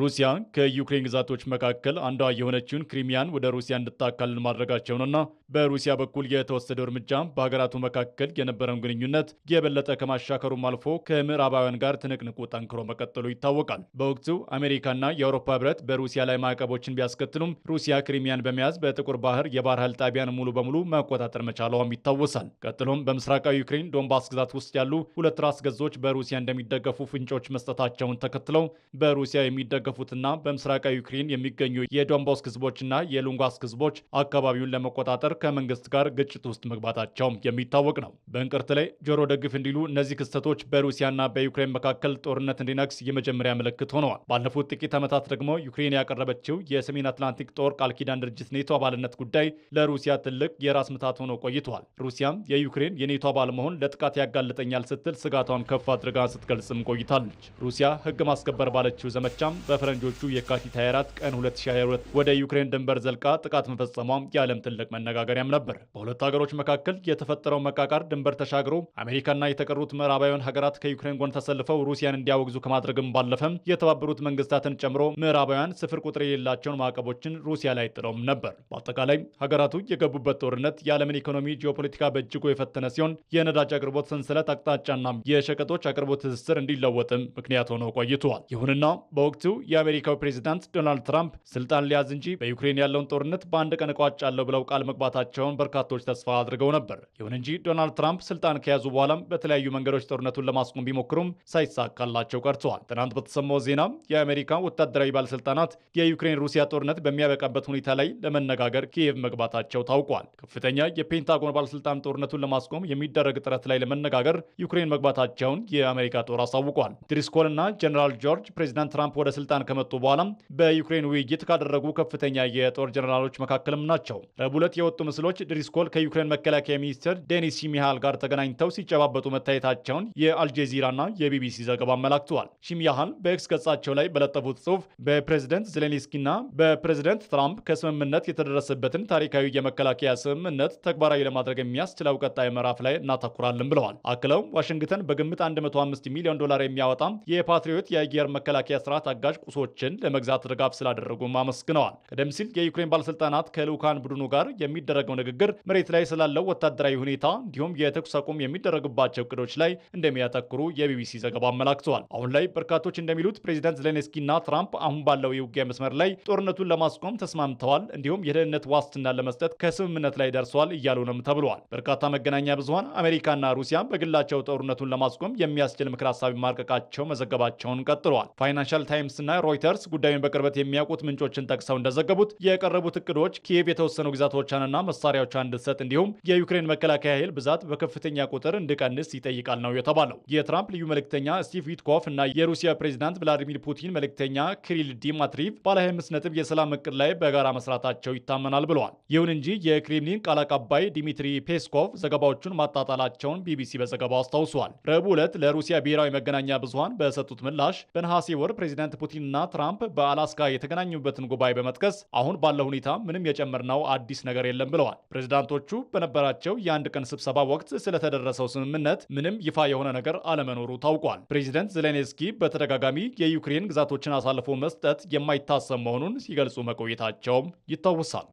ሩሲያ ከዩክሬን ግዛቶች መካከል አንዷ የሆነችውን ክሪሚያን ወደ ሩሲያ እንድታካልል ማድረጋቸውንና በሩሲያ በኩል የተወሰደው እርምጃ በሀገራቱ መካከል የነበረውን ግንኙነት የበለጠ ከማሻከሩም አልፎ ከምዕራባውያን ጋር ትንቅንቁ ጠንክሮ መቀጠሉ ይታወቃል። በወቅቱ አሜሪካና የአውሮፓ ህብረት በሩሲያ ላይ ማዕቀቦችን ቢያስከትሉም ሩሲያ ክሪሚያን በመያዝ በጥቁር ባህር የባህር ኃይል ጣቢያን ሙሉ በሙሉ መቆጣጠር መቻለዋም ይታወሳል። ቀጥሎም በምስራቃዊ ዩክሬን ዶንባስ ግዛት ውስጥ ያሉ ሁለት ራስ ገዞች በሩሲያ እንደሚደገፉ ፍንጮች መስጠታቸውን ተከትለው በሩሲያ የሚደገፉ የተደገፉትና በምስራቃዊ ዩክሬን የሚገኙ የዶንባስ ህዝቦችና የሉንጋስክ ህዝቦች አካባቢውን ለመቆጣጠር ከመንግስት ጋር ግጭት ውስጥ መግባታቸውም የሚታወቅ ነው። በእንቅርት ላይ ጆሮ ደግፍ እንዲሉ እነዚህ ክስተቶች በሩሲያና በዩክሬን መካከል ጦርነት እንዲነግስ የመጀመሪያ ምልክት ሆነዋል። ባለፉት ጥቂት ዓመታት ደግሞ ዩክሬን ያቀረበችው የሰሜን አትላንቲክ ጦር ቃል ኪዳን ድርጅት ኔቶ አባልነት ጉዳይ ለሩሲያ ትልቅ የራስ ምታት ሆኖ ቆይቷል። ሩሲያም የዩክሬን የኔቶ አባል መሆን ለጥቃት ያጋልጠኛል ስትል ስጋቷን ከፍ አድርጋ ስትገልጽም ቆይታለች። ሩሲያ ህግ ማስከበር ባለችው ዘመቻም በፈረንጆቹ የካቲት 24 ቀን 2022 ወደ ዩክሬን ድንበር ዘልቃ ጥቃት መፈጸሟም የዓለም ትልቅ መነጋገሪያም ነበር። በሁለቱ ሀገሮች መካከል የተፈጠረው መቃቃር ድንበር ተሻግሮ አሜሪካና የተቀሩት ምዕራባውያን ሀገራት ከዩክሬን ጎን ተሰልፈው ሩሲያን እንዲያወግዙ ከማድረግም ባለፈም የተባበሩት መንግስታትን ጨምሮ ምዕራባውያን ስፍር ቁጥር የሌላቸውን ማዕቀቦችን ሩሲያ ላይ ጥለውም ነበር። በአጠቃላይ ሀገራቱ የገቡበት ጦርነት የዓለምን ኢኮኖሚ ጂኦፖለቲካ በእጅጉ የፈተነ ሲሆን የነዳጅ አቅርቦት ሰንሰለት አቅጣጫና የሸቀጦች አቅርቦት ትስስር እንዲለወጥም ምክንያት ሆነው ቆይተዋል። ይሁንና በወቅቱ የአሜሪካው ፕሬዚዳንት ዶናልድ ትራምፕ ስልጣን ሊያዝ እንጂ በዩክሬን ያለውን ጦርነት በአንድ ቀን እቋጫለሁ ብለው ቃል መግባታቸውን በርካቶች ተስፋ አድርገው ነበር። ይሁን እንጂ ዶናልድ ትራምፕ ስልጣን ከያዙ በኋላም በተለያዩ መንገዶች ጦርነቱን ለማስቆም ቢሞክሩም ሳይሳካላቸው ቀርተዋል። ትናንት በተሰማው ዜና የአሜሪካ ወታደራዊ ባለስልጣናት የዩክሬን ሩሲያ ጦርነት በሚያበቃበት ሁኔታ ላይ ለመነጋገር ኪየቭ መግባታቸው ታውቋል። ከፍተኛ የፔንታጎን ባለስልጣን ጦርነቱን ለማስቆም የሚደረግ ጥረት ላይ ለመነጋገር ዩክሬን መግባታቸውን የአሜሪካ ጦር አሳውቋል። ድሪስኮል እና ጀነራል ጆርጅ ፕሬዚዳንት ትራምፕ ወደ ስልጣን ስልጣን ከመጡ በኋላም በዩክሬን ውይይት ካደረጉ ከፍተኛ የጦር ጀነራሎች መካከልም ናቸው። ረቡዕ ዕለት የወጡ ምስሎች ድሪስኮል ከዩክሬን መከላከያ ሚኒስትር ዴኒስ ሽሚሃል ጋር ተገናኝተው ሲጨባበጡ መታየታቸውን የአልጀዚራና የቢቢሲ ዘገባ አመላክተዋል። ሺሚያሃል በኤክስ ገጻቸው ላይ በለጠፉት ጽሑፍ በፕሬዝደንት ዜሌንስኪና በፕሬዝደንት ትራምፕ ከስምምነት የተደረሰበትን ታሪካዊ የመከላከያ ስምምነት ተግባራዊ ለማድረግ የሚያስችለው ቀጣይ ምዕራፍ ላይ እናተኩራለን ብለዋል። አክለውም ዋሽንግተን በግምት 15 ሚሊዮን ዶላር የሚያወጣ የፓትሪዮት የአየር መከላከያ ስርዓት አጋዥ ቁሶችን ለመግዛት ድጋፍ ስላደረጉም አመስግነዋል። ቀደም ሲል የዩክሬን ባለስልጣናት ከልዑካን ቡድኑ ጋር የሚደረገው ንግግር መሬት ላይ ስላለው ወታደራዊ ሁኔታ እንዲሁም የተኩስ አቁም የሚደረግባቸው እቅዶች ላይ እንደሚያተኩሩ የቢቢሲ ዘገባ አመላክተዋል። አሁን ላይ በርካቶች እንደሚሉት ፕሬዚደንት ዜሌንስኪ እና ትራምፕ አሁን ባለው የውጊያ መስመር ላይ ጦርነቱን ለማስቆም ተስማምተዋል፣ እንዲሁም የደህንነት ዋስትና ለመስጠት ከስምምነት ላይ ደርሰዋል እያሉ ነው ተብለዋል። በርካታ መገናኛ ብዙኃን አሜሪካና ሩሲያ በግላቸው ጦርነቱን ለማስቆም የሚያስችል ምክር ሀሳብ ማርቀቃቸው መዘገባቸውን ቀጥለዋል። ፋይናንሻል ታይምስ እና ሮይተርስ ጉዳዩን በቅርበት የሚያውቁት ምንጮችን ጠቅሰው እንደዘገቡት የቀረቡት እቅዶች ኪየቭ የተወሰኑ ግዛቶቿንና መሳሪያዎቿን እንድትሰጥ እንዲሁም የዩክሬን መከላከያ ኃይል ብዛት በከፍተኛ ቁጥር እንዲቀንስ ይጠይቃል ነው የተባለው። የትራምፕ ልዩ መልእክተኛ ስቲቭ ዊትኮፍ እና የሩሲያ ፕሬዚዳንት ቭላዲሚር ፑቲን መልእክተኛ ክሪል ዲማትሪቭ ባለ 25 ነጥብ የሰላም እቅድ ላይ በጋራ መስራታቸው ይታመናል ብለዋል። ይሁን እንጂ የክሬምሊን ቃል አቀባይ ዲሚትሪ ፔስኮቭ ዘገባዎቹን ማጣጣላቸውን ቢቢሲ በዘገባው አስታውሷል። ረቡዕ ዕለት ለሩሲያ ብሔራዊ መገናኛ ብዙሃን በሰጡት ምላሽ በነሐሴ ወር ፕሬዚዳንት ፑቲን እና ትራምፕ በአላስካ የተገናኙበትን ጉባኤ በመጥቀስ አሁን ባለው ሁኔታ ምንም የጨመርነው አዲስ ነገር የለም ብለዋል። ፕሬዝዳንቶቹ በነበራቸው የአንድ ቀን ስብሰባ ወቅት ስለተደረሰው ስምምነት ምንም ይፋ የሆነ ነገር አለመኖሩ ታውቋል። ፕሬዚደንት ዜሌንስኪ በተደጋጋሚ የዩክሬን ግዛቶችን አሳልፎ መስጠት የማይታሰብ መሆኑን ሲገልጹ መቆየታቸውም ይታወሳል።